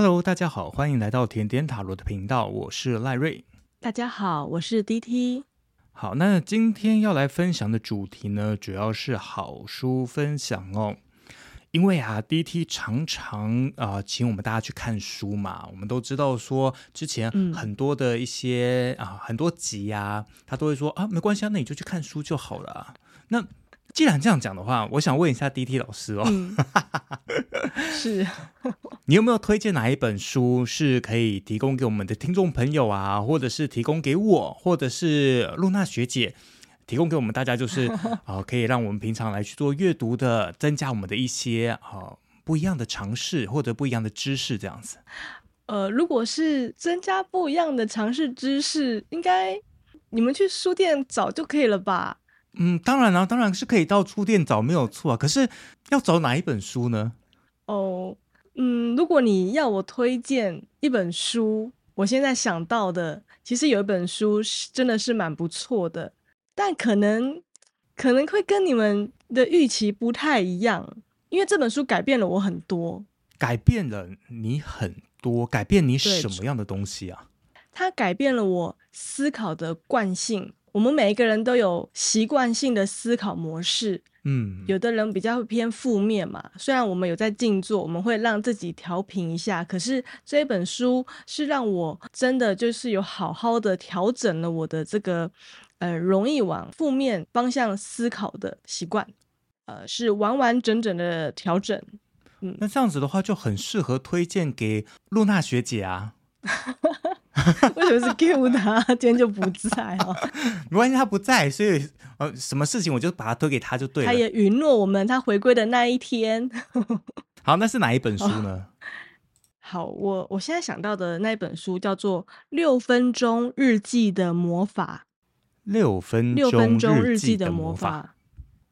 Hello，大家好，歡迎來到甜點塔羅的頻道，我是賴瑞。大家好，我是 DT。好，那今天要來分享的主題呢，主要是好書分享哦。因為啊，DT 常常啊、呃，請我們大家去看書嘛。我們都知道說，之前很多的一些、嗯、啊，很多集呀、啊，他都會說啊，沒關係啊，那你就去看書就好了。那既然這樣講的話，我想問一下 DT 老師哦，嗯、是 你有沒有推薦哪一本書是可以提供給我們的聽眾朋友啊，或者是提供給我，或者是露娜學姐提供給我們大家，就是啊、 呃，可以讓我們平常來去做閱讀的，增加我們的一些啊、呃、不一樣的嘗試或者不一樣的知識，這樣子。呃，如果是增加不一樣的嘗試知識，應該你們去書店找就可以了吧。嗯，當然了、啊，當然是可以到書店找，沒有錯、啊。可是要找哪一本書呢？哦，嗯，如果你要我推薦一本書，我現在想到的，其實有一本書是真的是蠻不錯的，但可能可能會跟你們的預期不太一樣，因為這本書改變了我很多，改變了你很多，改變你什麼樣的東西啊？它改變了我思考的慣性。我們每一個人都有習慣性的思考模式，嗯，有的人比較偏負面嘛。雖然我們有在靜坐，我們會讓自己調頻一下，可是這本書是讓我真的就是有好好的調整了我的這個呃容易往負面方向思考的習慣，呃，是完完整整的調整。嗯，那這樣子的話就很適合推薦給露娜學姐啊。 為什麼是 Q 他？今天就不在哦， 沒關係，他不在，所以呃，什麼事情我就把他推給他就對了。他也允諾我們，他回歸的那一天。 好，那是哪一本書呢？哦、好，我我現在想到的那一本書叫做《六分鐘日記的魔法》。六分六分鐘日記的魔法。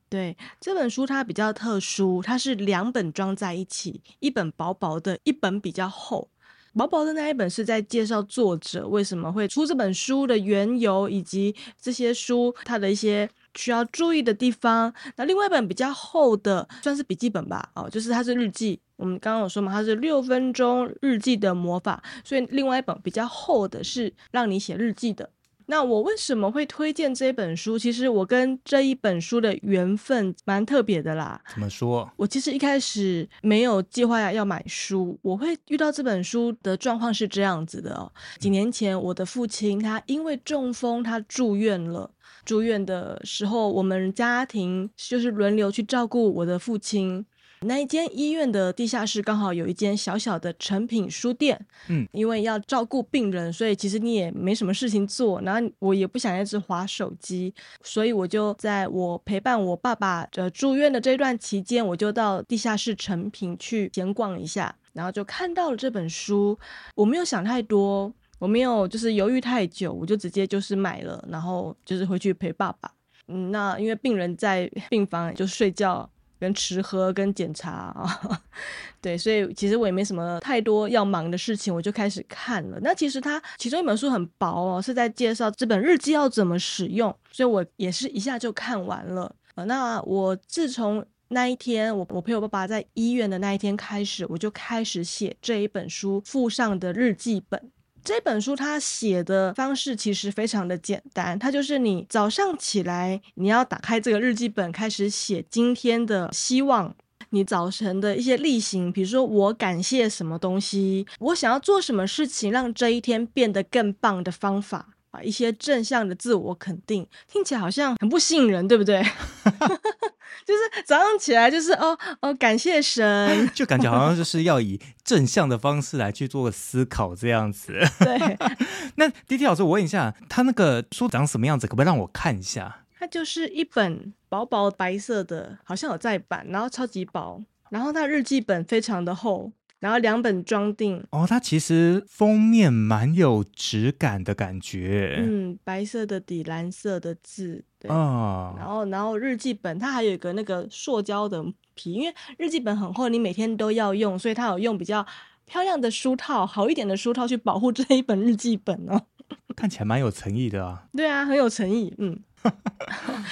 對，這本書，它比較特殊，它是兩本裝在一起，一本薄薄的，一本比較厚。薄薄的那一本是在介紹作者為什麼會出這本書的緣由，以及這些書它的一些需要注意的地方。那另外一本比較厚的算是筆記本吧，哦，就是它是日記。我們剛剛有說嘛，它是六分鐘日記的魔法，所以另外一本比較厚的是讓你寫日記的。那我為什麼會推薦這本書？其實我跟這一本書的緣分蠻特別的啦。怎麼說啊？我其實一開始沒有計劃要買書。我會遇到這本書的狀況是這樣子的哦。幾年前，我的父親他因為中風，他住院了。住院的時候，我們家庭就是輪流去照顧我的父親。那一間醫院的地下室剛好有一間小小的誠品書店，嗯，因為要照顧病人，所以其實你也沒什麼事情做。然後我也不想一直滑手機，所以我就在我陪伴我爸爸呃住院的這一段期間，我就到地下室誠品去閒逛一下，然後就看到了這本書。我沒有想太多，我沒有就是猶豫太久，我就直接就是買了，然後就是回去陪爸爸。嗯，那因為病人在病房就睡覺。跟吃喝跟檢查啊， 對，所以其實我也沒什麼太多要忙的事情，我就開始看了。那其實它其中一本書很薄哦，是在介紹這本日記要怎麼使用，所以我也是一下就看完了。呃，那我自從那一天，我我陪我爸爸在醫院的那一天開始，我就開始寫這一本書附上的日記本。這本書它寫的方式其實非常的簡單，它就是你早上起來，你要打開這個日記本，開始寫今天的希望，你早晨的一些例行，比如說我感謝什麼東西，我想要做什麼事情，讓這一天變得更棒的方法。一些正向的自我肯定，聽起來好像很不信任，對不對？ 就是早上起來就是哦哦，感謝神， 就感覺好像就是要以正向的方式來去做個思考這樣子。 對。 那 D.T 老師，我問一下，他那個書長什麼樣子？可不可以讓我看一下？它就是一本薄薄白色的，好像有再版，然後超級薄，然後他日記本非常的厚。然後兩本裝訂哦，它其實封面蠻有質感的感覺。嗯，白色的底，藍色的字，對。哦。然後，然後日記本它還有一個那個塑膠的皮，因為日記本很厚，你每天都要用，所以它有用比較漂亮的書套，好一點的書套去保護這一本日記本哦。 看起來蠻有誠意的啊！對啊，很有誠意，嗯。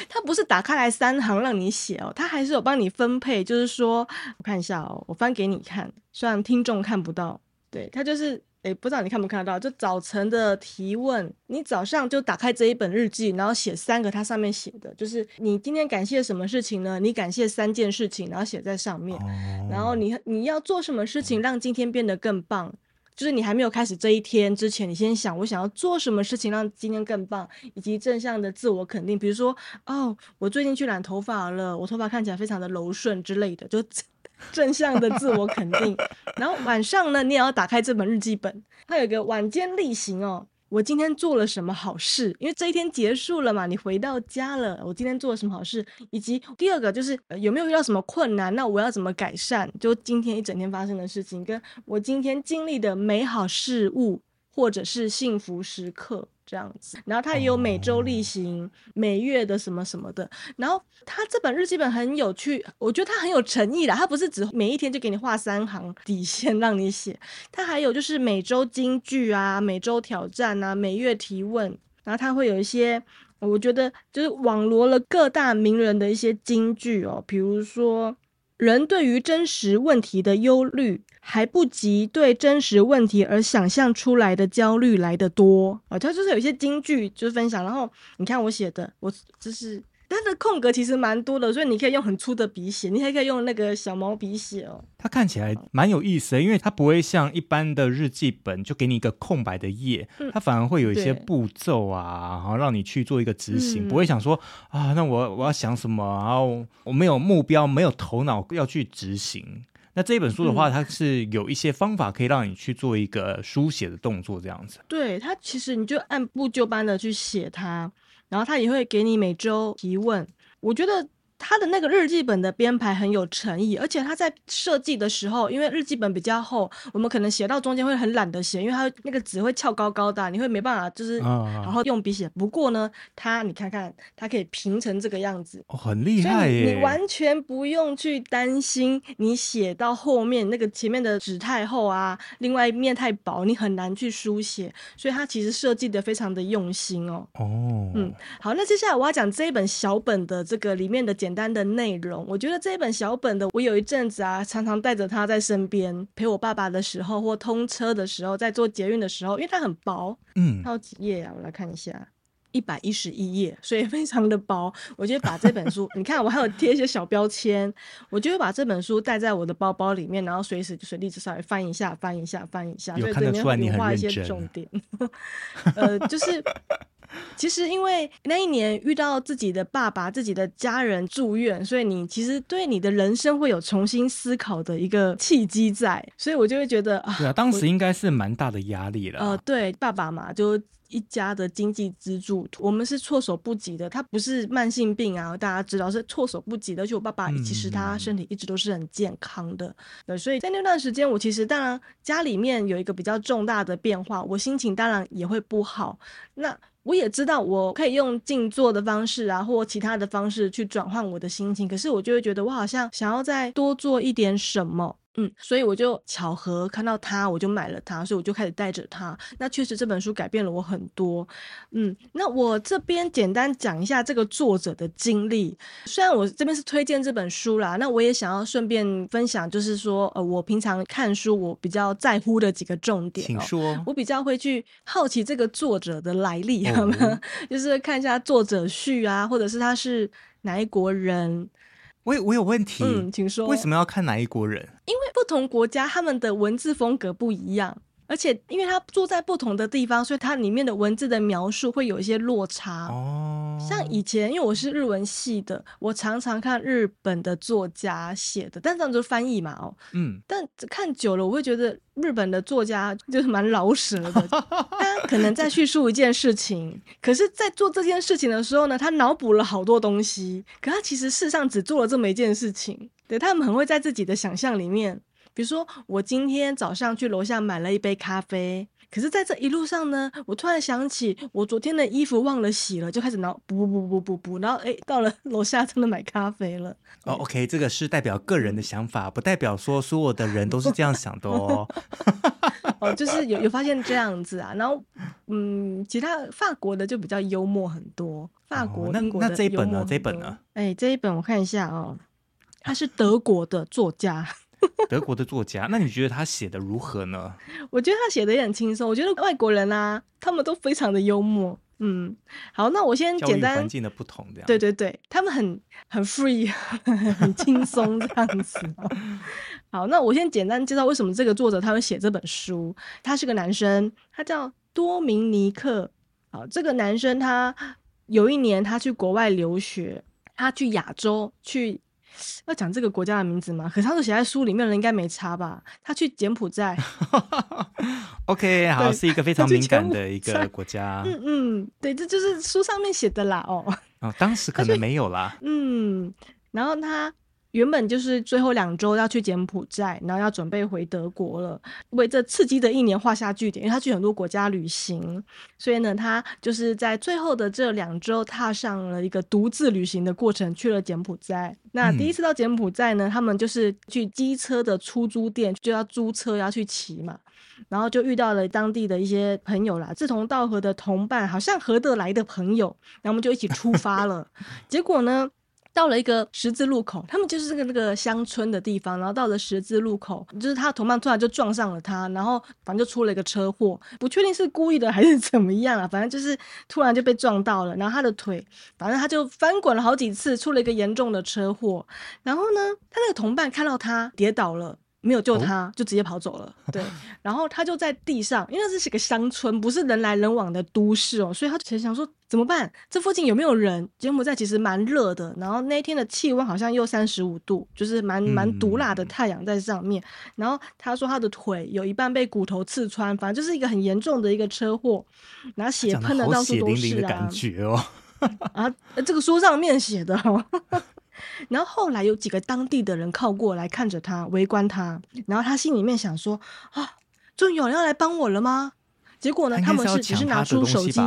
它 不是打開來三行讓你寫哦，它還是有幫你分配。就是說，我看一下哦，我翻給你看，雖然聽眾看不到，對他就是，誒，不知道你看不看得到？就早晨的提問，你早上就打開這一本日記，然後寫三個，它上面寫的就是你今天感謝什麼事情呢？你感謝三件事情，然後寫在上面，哦、然後你你要做什麼事情讓今天變得更棒？就是你還沒有開始這一天之前，你先想我想要做什麼事情讓今天更棒，以及正向的自我肯定，比如說哦，我最近去染頭髮了，我頭髮看起來非常的柔順之類的，就正，正向的自我肯定。 然後晚上呢，你也要打開這本日記本，它有一個晚間例行哦。我今天做了什麼好事？因為這一天結束了嘛，你回到家了。我今天做了什麼好事？以及第二個就是，呃，有沒有遇到什麼困難？那我要怎麼改善？就今天一整天發生的事情，跟我今天經歷的美好事物，或者是幸福時刻。這樣子，然後它也有每周例行、嗯、每月的什麼什麼的。然後它這本日記本很有趣，我覺得它很有誠意的。它不是只每一天就給你畫三行底線讓你寫，它還有就是每周金句啊、每周挑戰啊、每月提問。然後它會有一些，我覺得就是網羅了各大名人的一些金句哦，比如說。人對於真實問題的憂慮，還不及對真實問題而想象出來的焦慮來得多啊、哦！他就是有一些金句，就是分享。然後你看我寫的，我就是。它的空格其實蠻多的，所以你可以用很粗的筆寫，你還可以用那個小毛筆寫哦。它看起來蠻有意思的，因為它不會像一般的日記本，就給你一個空白的頁，嗯、它反而會有一些步驟啊，然後對讓你去做一個執行，嗯、不會想說啊，那我我要想什麼，然後我沒有目標，沒有頭腦要去執行。那這一本書的話，它是有一些方法可以讓你去做一個書寫的動作，這樣子。對，它其實你就按部就班的去寫它。然後他也會給你每周提問，我覺得。它的那個日記本的編排很有誠意，而且它在設計的時候，因為日記本比較厚，我們可能寫到中間會很懶得寫，因為它那個紙會翹高高的，你會沒辦法就是，嗯、然後用筆寫。不過呢，它你看看，它可以平成這個樣子，哦，很厲害耶，所以你，你完全不用去擔心你寫到後面那個前面的紙太厚啊，另外一面太薄，你很難去書寫。所以它其實設計的非常的用心哦。哦，嗯，好，那接下來我要講這一本小本的這個裡面的。簡單的內容，我覺得這本小本的，我有一陣子啊，常常帶着它在身邊，陪我爸爸的時候，或通車的時候，在坐捷運的時候，因為它很薄，嗯，它有幾頁呀、啊，我來看一下，一百一十一頁，所以非常的薄。我就把這本書， 你看我還有貼一些小標籤，我就把這本書帶在我的包包裡面，然後隨時、隨時隨地稍微翻一下、翻一下、翻一下，一下看，所以這裡面你畫一些重點，啊、 呃，就是。 其實，因為那一年遇到自己的爸爸、自己的家人住院，所以你其實對你的人生會有重新思考的一個契機在，所以我就會覺得啊，對啊，當時我應該是蠻大的壓力了。呃，對，爸爸嘛，就一家的經濟支柱，我們是措手不及的。他不是慢性病啊，大家知道是措手不及的。就我爸爸其實他身體一直都是很健康的，嗯、對。所以在那段時間，我其實當然家裡面有一個比較重大的變化，我心情當然也會不好。那我也知道，我可以用靜坐的方式啊，或其他的方式去轉換我的心情，可是我就會覺得，我好像想要再多做一點什麼。嗯，所以我就巧合看到它，我就買了它，所以我就開始帶着它。那確實這本書改變了我很多。嗯，那我這邊簡單講一下這個作者的經歷。雖然我這邊是推薦這本書啦，那我也想要順便分享，就是說，呃，我平常看書我比較在乎的幾個重點。請說、哦。我比較會去好奇這個作者的來歷，哦、好嗎？就是看一下作者序啊，或者是他是哪一國人。我我有問題，嗯，請說。為什麼要看哪一國人？因為不同國家他們的文字風格不一樣。而且，因為他住在不同的地方，所以它裡面的文字的描述會有一些落差。哦，像以前，因為我是日文系的，我常常看日本的作家寫的，但這樣就是翻譯嘛，哦，嗯。但看久了，我會覺得日本的作家就是蠻老實的。他可能在敘述一件事情， 可是在做這件事情的時候呢，他腦補了好多東西。可他其實事實上只做了這麼一件事情。對，他們很會在自己的想象裡面。比如說，我今天早上去樓下買了一杯咖啡，可是，在這一路上呢，我突然想起我昨天的衣服忘了洗了，就開始腦補補補補補補，然後哎，到了樓下真的買咖啡了。哦，OK，這個是代表個人的想法，不代表說所有的人都是這樣想的。哦， 哦，就是有有發現這樣子啊，然後嗯，其他法國的就比較幽默很多。法國、哦、英國的那，那這一本呢？這一本呢？哎，這一本我看一下哦，他是德國的作家。 德國的作家，那你覺得他寫的如何呢？我覺得他寫的也很輕鬆。我覺得外國人啊，他們都非常的幽默。嗯，好，那我先簡單環境的不同這樣。對對對，他們很很 free， 很輕鬆這樣子。 好，那我先簡單介紹為什麼這個作者他會寫這本書。他是個男生，他叫多明尼克。好，這個男生他有一年他去國外留學，他去亞洲去。要講這個國家的名字嗎？可是他都寫在書裡面了，人應該沒差吧？他去柬埔寨，OK，好，是一個非常敏感的一個國家。 嗯嗯，對，這就是書上面寫的啦。哦， 哦，當時可能沒有啦。 嗯，然後他。原本就是最後兩周要去柬埔寨，然後要準備回德國了，為這刺激的一年畫下句點。因為他去很多國家旅行，所以呢，他就是在最後的這兩周踏上了一個獨自旅行的過程，去了柬埔寨。那第一次到柬埔寨呢，嗯、他們就是去機車的出租店，就要租車要去騎嘛，然後就遇到了當地的一些朋友啦，志同道合的同伴，好像合得來的朋友，然後我們就一起出發了。 結果呢？到了一個十字路口，他們就是這個那個鄉村的地方，然後到了十字路口，就是他的同伴突然就撞上了他，然後反正就出了一個車禍，不確定是故意的還是怎麼樣啊，反正就是突然就被撞到了，然後他的腿，反正他就翻滾了好幾次，出了一個嚴重的車禍，然後呢，他那個同伴看到他跌倒了。沒有救他，哦、就直接跑走了。對， 然後他就在地上，因為這是個鄉村，不是人來人往的都市哦，所以他就想說怎麼辦？這附近有沒有人？柬埔寨其實蠻熱的，然後那一天的氣溫好像又三十五度，就是蠻蠻毒辣的太陽在上面。嗯、然後他說他的腿有一半被骨頭刺穿，反正就是一個很嚴重的一個車禍，拿血噴的到處都是，啊、血淋淋的感覺哦。 啊，這個書上面寫的，哦。 然後後來有幾個當地的人靠過來看着他，圍觀他。然後他心裡面想說：“啊，終於有人要來幫我了嗎？”結果呢，他們是只是拿出手機，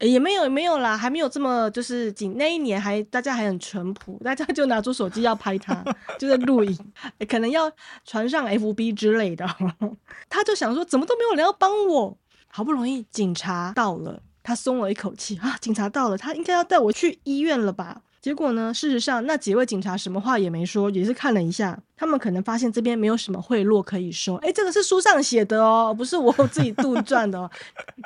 也，也沒有也沒有啦，還沒有這麼就是那一年還大家還很淳樸，大家就拿出手機要拍他， 就在錄影，可能要傳上 FB 之類的。 他就想說：“怎麼都沒有人要幫我？好不容易警察到了，他鬆了一口氣啊！警察到了，他應該要帶我去醫院了吧？”結果呢？事實上，那幾位警察什麼話也沒說，也是看了一下，他們可能發現這邊沒有什麼賄賂可以收。哎，這個是書上寫的哦，不是我自己杜撰的哦。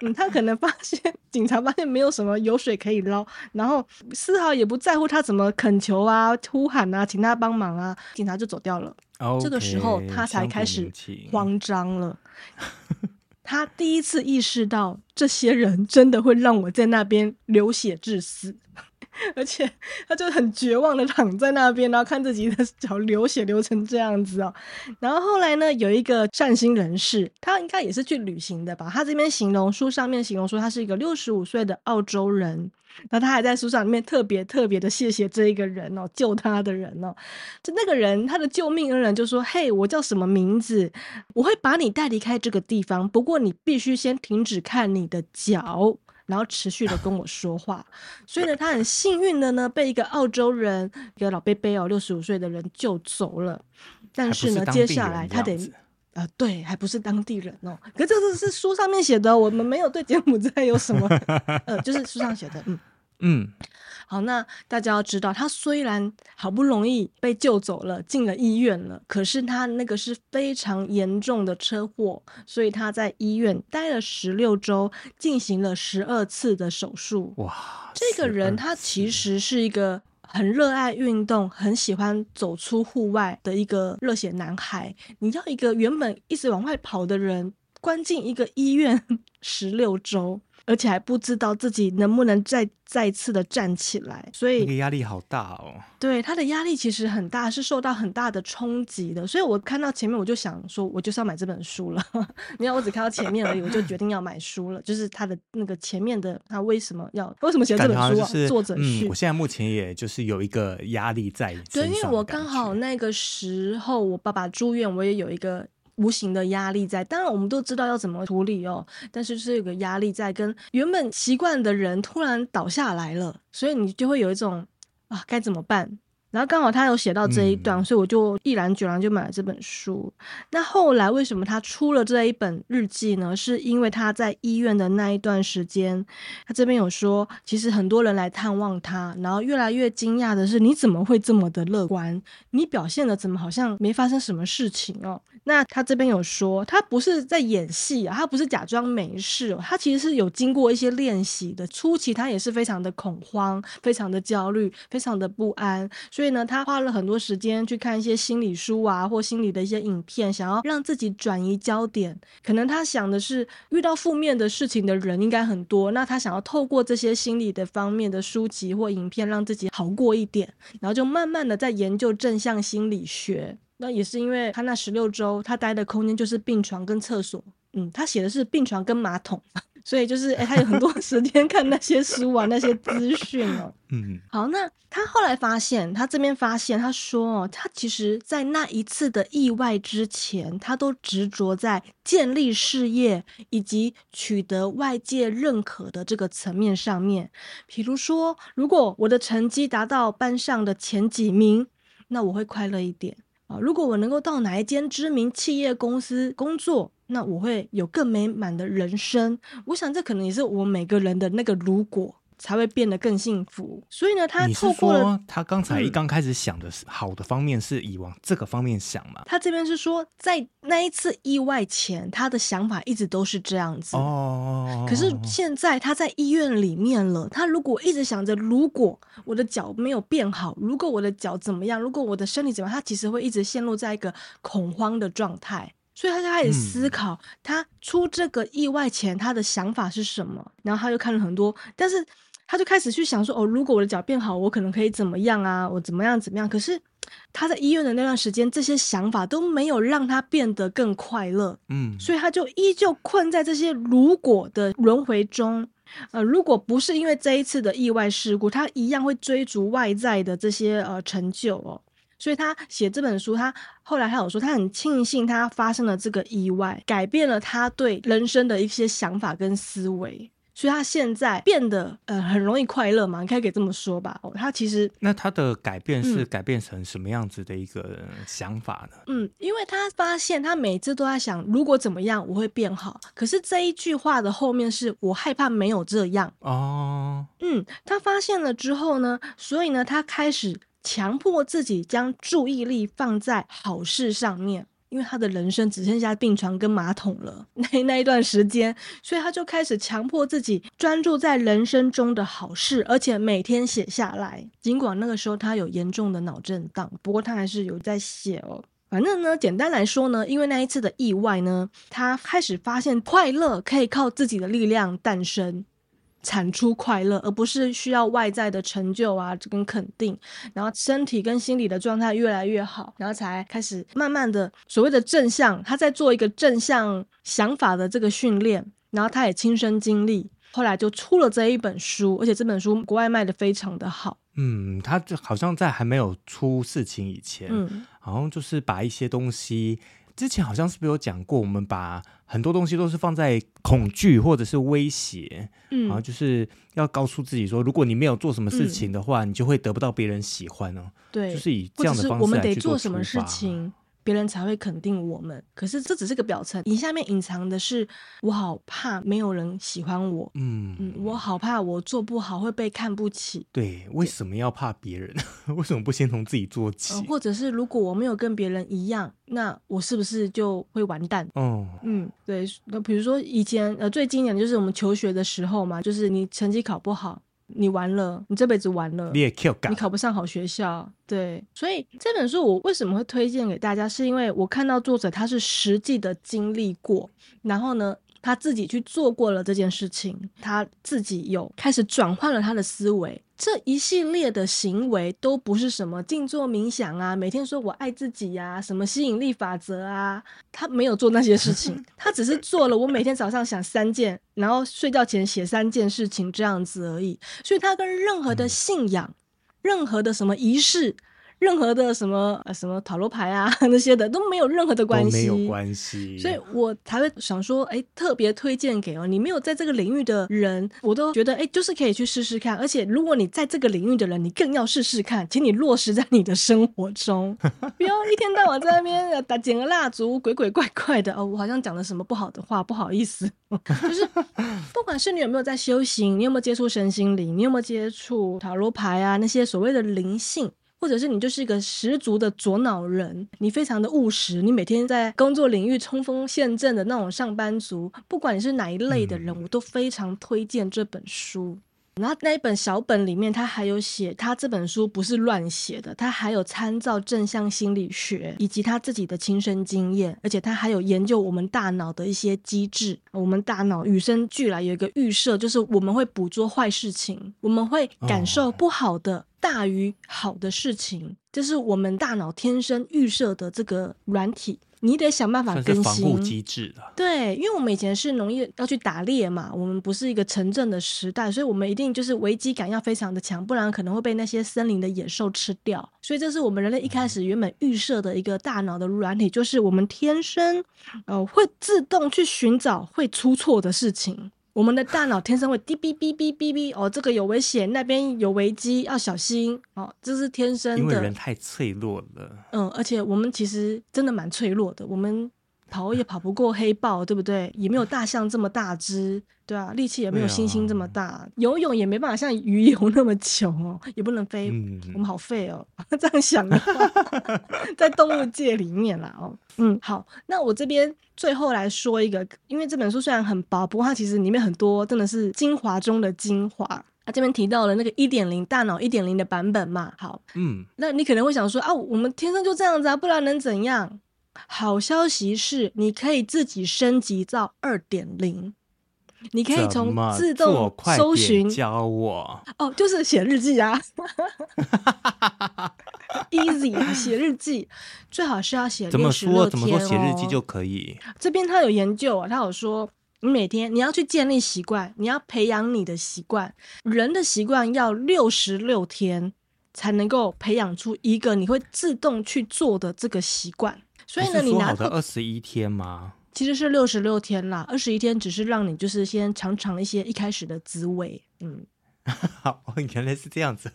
嗯， 他可能發現警察發現沒有什麼油水可以撈，然後絲毫也不在乎他怎麼懇求啊、呼喊啊，請他幫忙啊，警察就走掉了。Okay, 這個時候，他才開始慌張了。 他第一次意識到，這些人真的會讓我在那邊流血致死。而且他就很絕望的躺在那邊，然後看自己的腳流血流成這樣子哦。然後後來呢，有一個善心人士，他應該也是去旅行的吧。他這邊形容，書上面形容說他是一個六十五歲的澳洲人。那他還在書上裡面特別特別的謝謝這一個人哦，救他的人哦。就那個人，他的救命恩人就說：“嘿，我叫什麼名字？我會把你帶離開這個地方，不過你必須先停止看你的腳。”然後持續的跟我說話， 所以呢，他很幸運的呢，被一個澳洲人，一個老伯伯哦，六十五歲的人救走了。但是呢，是接下來他得，呃，對，還不是當地人哦。可是這個是書上面寫的，我們沒有對柬埔寨有什麼， 呃，就是書上寫的，嗯嗯。好，那大家要知道，他雖然好不容易被救走了，進了醫院了，可是他那個是非常嚴重的車禍，所以他在醫院待了十六周，進行了十二次的手術。哇，這個人他其實是一個很熱愛運動、很喜歡走出戶外的一個熱血男孩。你要一個原本一直往外跑的人，關進一個醫院十六周。 而且還不知道自己能不能再再次的站起來，所以那個壓力好大哦。對，他的壓力其實很大，是受到很大的衝擊的。所以我看到前面，我就想說，我就是要買這本書了。 你看，我只看到前面而已，我就決定要買書了。 就是他的那個前面的，他為什麼要為什麼寫這本書，啊？作者、就是，是、嗯、我現在目前也就是有一個壓力在。對，因為我剛好那個時候我爸爸住院，我也有一個。無形的壓力在，當然我們都知道要怎麼處理哦，但是就是有個壓力在，跟原本習慣的人突然倒下來了，所以你就會有一種啊該怎麼辦？然後剛好他有寫到這一段，嗯、所以我就毅然決然，就買了這本書。那後來為什麼他出了這一本日記呢？是因為他在醫院的那一段時間，他這邊有說，其實很多人來探望他，然後越來越驚訝的是，你怎麼會這麼的樂觀？你表現得怎麼好像沒發生什麼事情哦？那他這邊有說，他不是在演戲啊，他不是假裝沒事、哦、他其實是有經過一些練習的。初期他也是非常的恐慌，非常的焦慮，非常的不安，所以。所以呢，他花了很多時間去看一些心理書啊，或心理的一些影片，想要讓自己轉移焦點。可能他想的是，遇到負面的事情的人應該很多，那他想要透過這些心理的方面的書籍或影片，讓自己好過一點。然後就慢慢的在研究正向心理學。那也是因為他那十六周，他待的空間就是病床跟廁所。嗯，他寫的是病床跟馬桶。所以就是，哎、欸，他有很多時間看那些書啊， 那些資訊哦。嗯。好，那他後來發現，他這邊發現，他說哦，他其實，在那一次的意外之前，他都執着在建立事業以及取得外界認可的這個層面上面。比如說，如果我的成績達到班上的前幾名，那我會快樂一點啊。如果我能夠到哪一間知名企業公司工作。那我會有更美滿的人生，我想這可能也是我們每個人的那個如果才會變得更幸福。所以呢，他透過了，你是說他剛才一剛開始想的是好的方面，是以往這個方面想嘛、嗯。他這邊是說，在那一次意外前，他的想法一直都是這樣子。Oh. 可是現在他在醫院裡面了，他如果一直想着如果我的腳沒有變好，如果我的腳怎麼樣，如果我的身體怎麼樣，他其實會一直陷入在一個恐慌的狀態。所以他就開始思考，他出這個意外前他的想法是什麼？嗯，然後他又看了很多，但是他就開始去想說，哦，如果我的腳變好，我可能可以怎麼樣啊？我怎麼樣怎麼樣？可是他在醫院的那段時間，這些想法都沒有讓他變得更快樂。嗯，所以他就依舊困在這些“如果”的輪回中。呃，如果不是因為這一次的意外事故，他一樣會追逐外在的這些呃成就哦。所以他寫這本書，他後來他有說，他很慶幸他發生了這個意外，改變了他對人生的一些想法跟思維，所以他現在變得呃很容易快樂嘛，你可以給這麼說吧。哦，他其實那他的改變是改變成什麼樣子的一個想法呢？嗯，因為他發現他每次都在想，如果怎麼樣我會變好，可是這一句話的後面是我害怕沒有這樣哦。Oh. 嗯，他發現了之後呢，所以呢，他開始，強迫自己將注意力放在好事上面，因為他的人生只剩下病床跟馬桶了。那那一段時間，所以他就開始強迫自己專注在人生中的好事，而且每天寫下來。儘管那個時候他有嚴重的腦震盪，不過他還是有在寫哦。反正呢，簡單來說呢，因為那一次的意外呢，他開始發現快樂可以靠自己的力量誕生。產出快樂，而不是需要外在的成就啊，跟肯定，然後身體跟心理的狀態越來越好，然後才開始慢慢的所謂的正向，他在做一個正向想法的這個訓練，然後他也親身經歷，後來就出了這一本書，而且這本書國外賣得非常的好。嗯，他就好像在還沒有出事情以前，嗯，好像就是把一些東西。之前好像是不是有講過，我們把很多東西都是放在恐懼或者是威脅，嗯，然後就是要告訴自己說，如果你沒有做什麼事情的話，嗯，你就會得不到別人喜歡哦、啊。對，就是以這樣的方式來去做，我們得做什麼事情。別人才會肯定我們，可是這只是個表層，你下面隱藏的是，我好怕沒有人喜歡我，嗯嗯，我好怕我做不好會被看不起。對，對。為什麼要怕別人？為什麼不先從自己做起？呃，或者是如果我沒有跟別人一樣，那我是不是就會完蛋？哦，嗯，對，那比如說以前呃，最經典的就是我們求學的時候嘛，就是你成績考不好，你完了，你這輩子完了。你也 k 你考不上好學校。對，所以這本書我為什麼會推薦給大家，是因為我看到作者他是實際的經歷過，然後呢，他自己去做過了這件事情，他自己有開始轉換了他的思維。這一系列的行為都不是什麼靜坐冥想啊，每天說我愛自己呀，什麼吸引力法則啊，他沒有做那些事情，他只是做了我每天早上想三件，然後睡覺前寫三件事情這樣子而已，所以他跟任何的信仰，任何的什麼儀式。任何的什麼呃什麼塔羅牌啊那些的都沒有任何的關係，沒有關係，所以我才會想說，哎，特別推薦給哦，你沒有在這個領域的人，我都覺得哎，就是可以去試試看。而且如果你在這個領域的人，你更要試試看，請你落實在你的生活中，不要 一天到晚在那邊打撿個蠟燭，鬼鬼怪怪的哦。我好像講了什麼不好的話，不好意思， 就是不管是你有沒有在修行，你有沒有接觸身心靈，你有沒有接觸塔羅牌啊那些所謂的靈性。或者是你就是一個十足的左腦人，你非常的務實，你每天在工作領域衝鋒陷陣的那種上班族，不管你是哪一類的人，我都非常推薦這本書。然後那一本小本裡面，他還有寫，他這本書不是亂寫的，他還有參照正向心理學以及他自己的親身經驗，而且他還有研究我們大腦的一些機制，我們大腦與生俱來有一個預設，就是我們會捕捉壞事情，我們會感受不好的大於好的事情，這、oh、my 是我們大腦天生預設的這個軟體。你得想辦法更新防護機制了。對，因為我們以前是農業，要去打獵嘛，我們不是一個城鎮的時代，所以我們一定就是危機感要非常的強，不然可能會被那些森林的野獸吃掉。所以這是我們人類一開始原本預設的一個大腦的軟體，嗯、就是我們天生呃會自動去尋找會出錯的事情。我們的大腦天生會嘀嗶嗶嗶嗶嗶，哦，這個有危險，那邊有危機，要小心哦，這是天生的。因為人太脆弱了，嗯，而且我們其實真的蠻脆弱的，我們。跑也跑不過黑豹，對不對？也沒有大象這麼大隻，對啊，力氣也沒有猩猩這麼大，啊、游泳也沒辦法像魚游那麼久哦，也不能飛，嗯嗯、我們好廢哦。這樣想的話，的， 在動物界裡面啦，哦，嗯，好，那我這邊最後來說一個，因為這本書雖然很薄，不過它其實裡面很多真的是精華中的精華。啊，這邊提到了那個一點零大腦一點零的版本嘛，好，嗯，那你可能會想說啊，我們天生就這樣子啊，不然能怎樣？好消息是，你可以自己升級到二點零。你可以從自動搜尋教我哦，就是寫日記啊 ，easy，寫日記最好是要寫六十六天哦。怎麼說？怎麼說？寫日記就可以。這邊他有研究啊，他有說，你每天你要去建立習慣，你要培養你的習慣。人的習慣要六十六天才能夠培養出一個你會自動去做的這個習慣。所以呢，你拿到二十一天嗎？其實是六十六天啦，二十一天只是讓你就是先嘗嘗一些一開始的滋味，嗯。好， 原來是這樣子。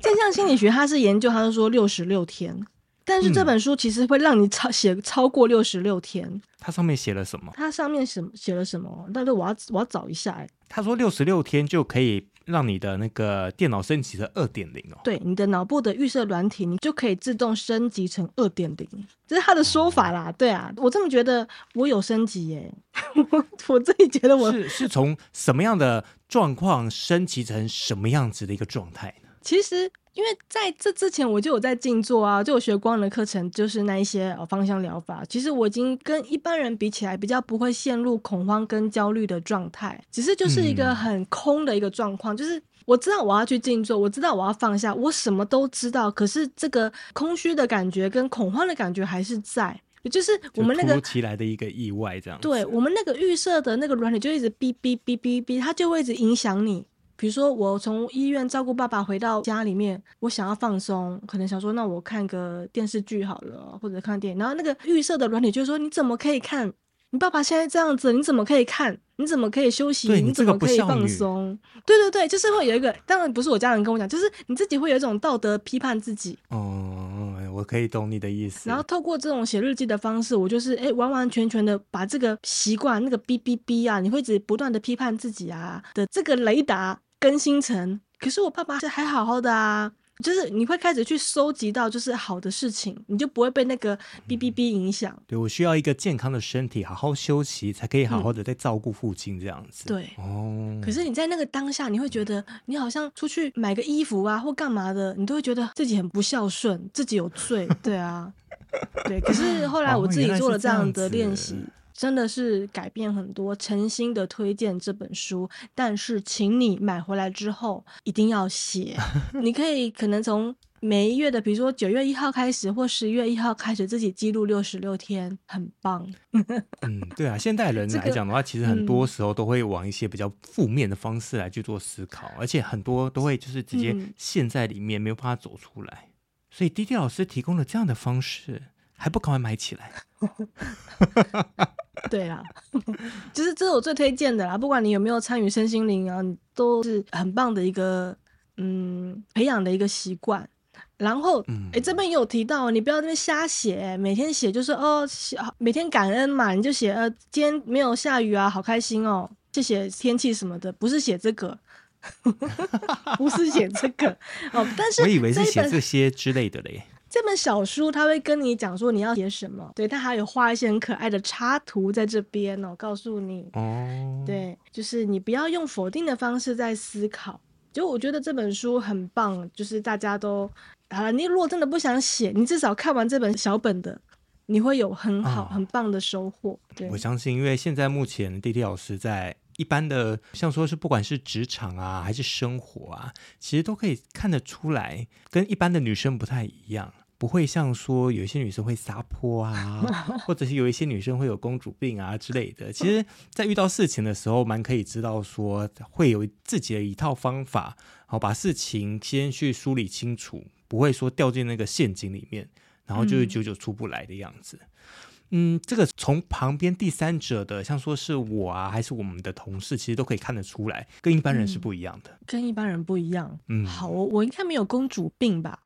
正向 心理學他是研究，他是說六十六天，但是這本書其實會讓你超、嗯、寫超過六十六天。它上面寫了什麼？它上面寫寫了什麼？但是我要我要找一下哎、欸。他說六十六天就可以。讓你的那個電腦升級成二點零哦，對，你的腦部的預設軟體，你就可以自動升級成二點零，這是他的說法啦。嗯、對啊，我這麼覺得我有升級耶， 我我自己覺得我是是從什麼樣的狀況升級成什麼樣子的一個狀態呢？其實。因為在這之前我就有在靜坐啊，就我學光能課程，就是那一些呃芳香療法。其實我已經跟一般人比起來，比較不會陷入恐慌跟焦慮的狀態，只是就是一個很空的一個狀況。嗯，就是我知道我要去靜坐，我知道我要放下，我什麼都知道，可是這個空虛的感覺跟恐慌的感覺還是在，就是我們那個突如其來的一個意外這樣子。對，我們那個預設的那個軟體就一直嗶嗶嗶嗶嗶，它就會一直影響你。比如說，我從醫院照顧爸爸回到家裡面，我想要放鬆，可能想說，那我看個電視劇好了，或者看電影。然後那個預設的軟體就是說：“你怎麼可以看？你爸爸現在這樣子，你怎麼可以看？你怎麼可以休息？對你怎麼可以放鬆？”對對對，就是會有一個，當然不是我家人跟我講，就是你自己會有一種道德批判自己。嗯、哦、我可以懂你的意思。然後透過這種寫日記的方式，我就是哎，完完全全的把這個習慣，那個嗶嗶嗶啊，你會只不斷的批判自己啊的這個雷達。更新成，可是我爸爸是還好好的啊，就是你會開始去收集到就是好的事情，你就不會被那個嗶嗶嗶影響、嗯。對，我需要一個健康的身體，好好休息才可以好好的在照顧父親這樣子。嗯、對哦，可是你在那個當下，你會覺得你好像出去買個衣服啊、嗯、或幹嘛的，你都會覺得自己很不孝順，自己有罪。對啊， 對，可是後來我自己做了這樣的練習。真的是改變很多，誠心的推薦這本書。但是，請你買回來之後一定要寫， 你可以可能從每一月的，比如說九月一號開始，或十一月一號開始，自己記錄六十六天，很棒。 嗯，對啊，現代人來講的話，這個、其實很多時候都會往一些比較負面的方式來去做思考，嗯、而且很多都會就是直接陷在裡面，沒有辦法走出來。所以，D.T 老師提供了這樣的方式。還不趕快買起來？ 對啊，就是這是我最推薦的啦。不管你有沒有參與身心靈啊，你都是很棒的一個嗯培養的一個習慣。然後，哎、嗯欸，這邊也有提到，你不要在這邊瞎寫，每天寫就是哦，每天感恩嘛，你就寫呃，今天沒有下雨啊，好開心哦，就寫天氣什麼的，不是寫這個， 不是寫這個哦。但是，我以為是寫這些之類的嘞。這本小書它會跟你講說你要寫什麼，對，它還有畫一些很可愛的插圖在這邊哦，告訴你，哦、嗯，對，就是你不要用否定的方式在思考，就我覺得這本書很棒，就是大家都，啊，你如果真的不想寫，你至少看完這本小本的，你會有很好、哦、很棒的收穫。對，我相信，因為現在目前 D.T 老師在一般的，像說是不管是職場啊還是生活啊，其實都可以看得出來，跟一般的女生不太一樣。不會像說有一些女生會撒潑啊， 或者是有一些女生會有公主病啊之類的。其實，在遇到事情的時候，蠻可以知道說會有自己的一套方法，好把事情先去梳理清楚，不會說掉進那個陷阱裡面，然後就是久久出不來的樣子。嗯，嗯，這個從旁邊第三者的像說是我啊，還是我們的同事，其實都可以看得出來，跟一般人是不一樣的，嗯、跟一般人不一樣。嗯，好、哦，我我應該沒有公主病吧？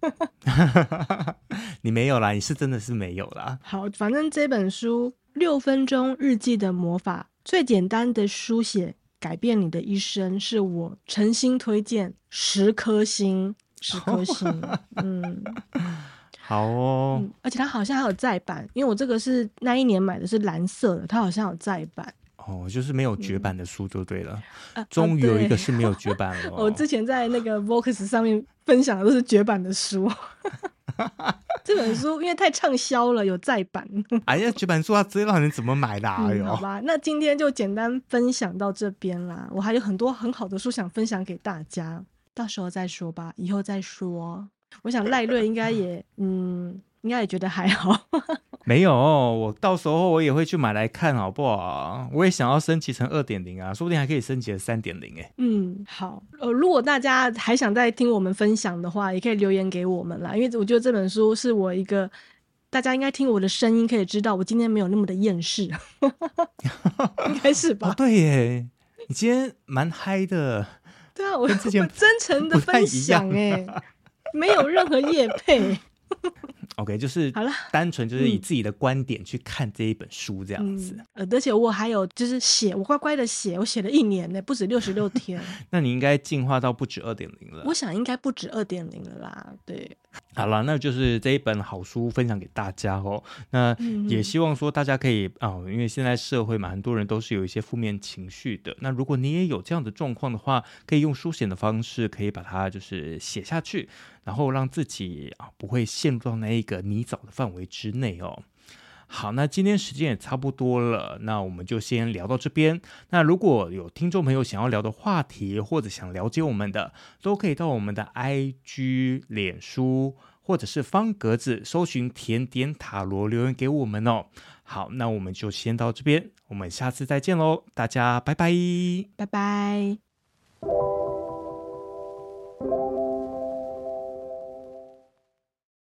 哈哈哈，你沒有啦，你是真的是沒有啦。好，反正這本書《六分鐘日記的魔法：最簡單的書寫，改變你的一生》，是我誠心推薦，十顆星，十顆星。Oh. 嗯， 好哦。嗯，而且它好像還有再版，因為我這個是那一年買的是藍色的，它好像有再版。哦，就是沒有絕版的書就對了，嗯啊啊、終於有一個是沒有絕版了、哦。啊、 我之前在那個 Vocus 上面分享的都是絕版的書， 這本書因為太暢銷了，有再版。哎、 啊、呀，絕版書啊，這讓人怎麼買的、啊？哎呦、嗯，好吧，那今天就簡單分享到這邊啦。我還有很多很好的書想分享給大家，到時候再說吧，以後再說。我想賴瑞應該也 嗯。應該也覺得還好 沒有。我到時候我也會去買來看，好不好？我也想要升級成二點零啊，說不定還可以升級成三點零哎。嗯，好。呃，如果大家還想再聽我們分享的話，也可以留言給我們啦。因為我覺得這本書是我一個，大家應該聽我的聲音可以知道我今天沒有那麼的厭世， 應該是吧？ 哦，對耶，你今天蠻嗨的。 對啊，我我真誠的分享哎， 沒有任何業配。 OK，就是好了，單純就是以自己的觀點去看這一本書這樣子。呃、嗯嗯，而且我還有就是寫，我乖乖的寫，我寫了一年呢，不止六十六天。 那你應該進化到不止二點零了。我想應該不止二點零了啦，對。好了，那就是這一本好書分享給大家哦。那也希望說大家可以啊、嗯嗯呃，因為現在社會嘛，很多人都是有一些負面情緒的。那如果你也有這樣的狀況的話，可以用書寫的方式，可以把它就是寫下去，然後讓自己啊、呃、不會陷入到那一個泥沼的範圍之內哦。好，那今天時間也差不多了，那我們就先聊到這邊。那如果有聽眾朋友想要聊的話題，或者想了解我們的，都可以到我們的 IG、臉書或者是方格子搜尋“甜點塔羅”留言給我們哦。好，那我們就先到這邊，我們下次再見嘍，大家拜拜，拜拜。